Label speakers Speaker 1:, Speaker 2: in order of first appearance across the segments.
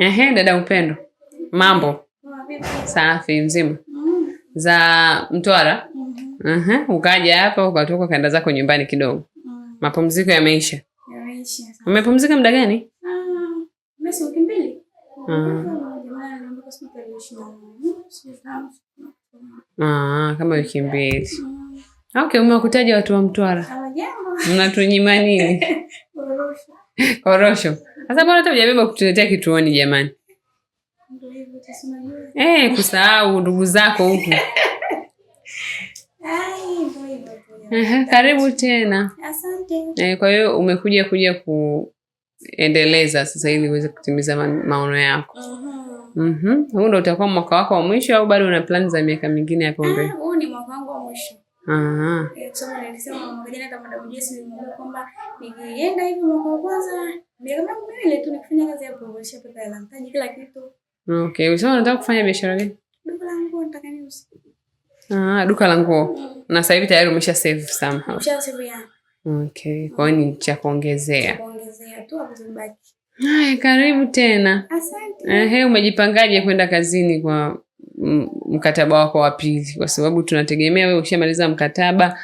Speaker 1: Ehe, dada Upendo, mambo safi? Mzima za Mtwara? Aha, mhm. ukaja hapa ukatoka kaenda zako nyumbani kidogo. Mm. Mapumziko yameisha? Yameisha. Umepumzika muda gani? Ah, ah. ah kama wiki mbili. Mm. Okay, umewakutaja watu wa Mtwara mnatunyima nini? Korosho. Sasa mbona hata hujabeba kutuletea kituoni jamani. Eh, kusahau ndugu zako huku. karibu tena.
Speaker 2: Asante.
Speaker 1: Eh, kwa hiyo umekuja kuja kuendeleza sasa ili uweze kutimiza maono yako. Uh-huh. Mhm. Huu ndio utakuwa mwaka wako wa mwisho au bado una plan za miaka mingine hapo mbele?
Speaker 2: Ah, huu ni mwaka wangu wa mwisho nikienda hivi mwaka wa kwanza tu nikifanya kazi pesa ya mtaji kila kitu.
Speaker 1: Okay, unataka kufanya biashara gani?
Speaker 2: Duka la nguo nataka niuze.
Speaker 1: Ah, duka la nguo. Mm. Na sasa hivi tayari umesha save somehow.
Speaker 2: Umesha save ya.
Speaker 1: Okay, kwa hiyo ni cha kuongezea.
Speaker 2: Kuongezea tu
Speaker 1: karibu tena.
Speaker 2: Asante.
Speaker 1: umejipangaje kwenda kazini kwa mkataba wako wa pili, kwa sababu tunategemea wewe ukishamaliza mkataba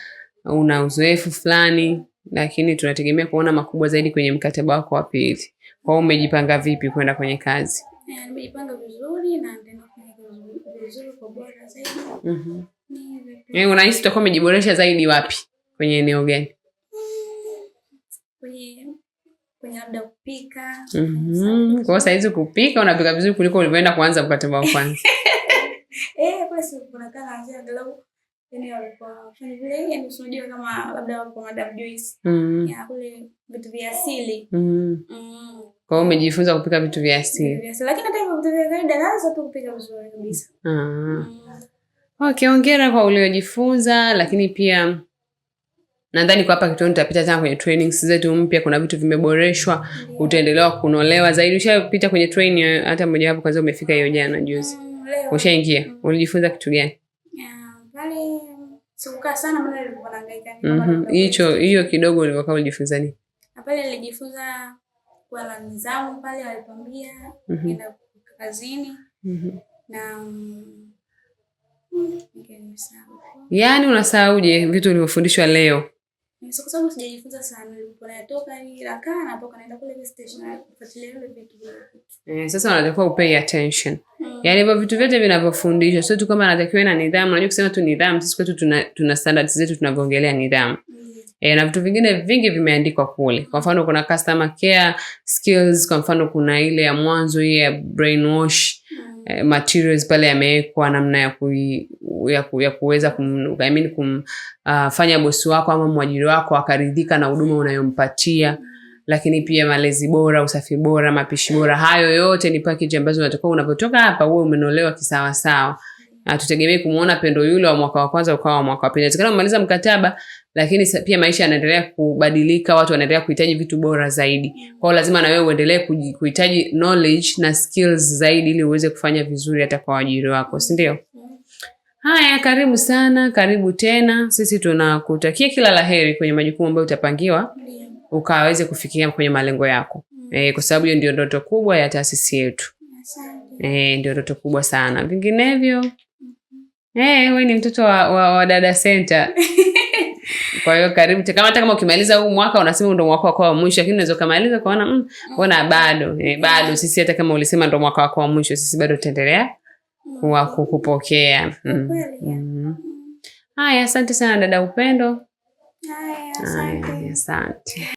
Speaker 1: una uzoefu fulani, lakini tunategemea kuona makubwa zaidi kwenye mkataba wako wa pili. Kwa hiyo umejipanga vipi kwenda kwenye kazi?
Speaker 2: Eh, nimejipanga vizuri na vizuri kwa bora zaidi.
Speaker 1: Mhm. Eh, unahisi utakuwa umejiboresha zaidi wapi? Kwenye eneo gani? Hmm,
Speaker 2: kwenye kwenye labda kupika.
Speaker 1: Mhm. Kwa hiyo saizi kupika unapika vizuri kuliko ulivyoenda kuanza mkataba wa kwanza.
Speaker 2: kazi angalau yani walikuwa yani tunajua kama labda walikuwa Madam Joyce mm. ya kule vitu vya asili
Speaker 1: mm. mm. Kwa hiyo umejifunza kupika vitu vya asili
Speaker 2: lakini hata hivyo vitu vya kawaida naweza tu kupika vizuri kabisa.
Speaker 1: ah. mm. Okay, hongera kwa uliojifunza, lakini pia nadhani kwa hapa kituoni nitapita tena kwenye training zetu mpya, kuna vitu vimeboreshwa yeah. Utaendelewa kunolewa zaidi. Ushapita kwenye training hata wapo? kwanza, umefika hiyo jana juzi, mm, ushaingia mm. ulijifunza kitu gani?
Speaker 2: Sikukaa sana maana nilikuwa nahangaika.
Speaker 1: Mhm. Hicho hiyo kidogo ulivyokaa ulijifunza nini?
Speaker 2: Na pale nilijifunza kwa na nidhamu pale walipambia -hmm. kazini. Mhm. Na mm,
Speaker 1: Yaani unasahauje vitu ulivyofundishwa leo?
Speaker 2: sana, nilikuwa natoka kule station na kufuatilia vitu.
Speaker 1: Eh, sasa unatakiwa upay attention. Yaani hivyo vitu vyote vinavyofundishwa sio tu kama anatakiwa na nidhamu. Unajua kusema tu nidhamu, sisi kwetu tuna, tuna standards zetu tunavyoongelea nidhamu. E, na vitu vingine vingi vimeandikwa kule. Kwa mfano kuna customer care skills, kwa mfano kuna ile ya mwanzo hii ya brainwash E, materials pale yamewekwa namna ya ku, ya, ku, ya kuweza kum, I mean kumfanya ah, uh, bosi wako ama mwajiri wako akaridhika na huduma unayompatia. mm lakini pia malezi bora, usafi bora, mapishi bora. Hayo yote ni package ambazo unatakiwa unapotoka hapa uwe umenolewa kisawasawa. Hatutegemei kumuona Pendo yule wa mwaka wa kwanza ukawa mwaka wa pili. Inawezekana umaliza mkataba, lakini pia maisha yanaendelea kubadilika, watu wanaendelea kuhitaji vitu bora zaidi. Kwa hiyo lazima na wewe uendelee kuhitaji knowledge na skills zaidi ili uweze kufanya vizuri hata kwa wajiri wako, si ndio? Haya, karibu sana, karibu tena. Sisi tunakutakia kila laheri kwenye majukumu ambayo utapangiwa ukaweze kufikia kwenye malengo yako mm. E, kwa sababu hiyo ndio ndoto kubwa ya taasisi yetu e, ndio ndoto kubwa sana, vinginevyo mm -hmm. E, we ni mtoto wa, wa, wa Dada Center kwa hiyo karibu kama hata kama ukimaliza huu mwaka unasema ndo mwaka wako wa mwisho, lakini unaweza ukamaliza ukaona mm, mm. bado e, bado sisi, hata kama ulisema ndo mwaka wako wa mwisho, sisi bado tutaendelea kuwa mm-hmm. kukupokea.
Speaker 2: mm. mm.
Speaker 1: Haya, asante sana dada Upendo.
Speaker 2: Haya,
Speaker 1: asante.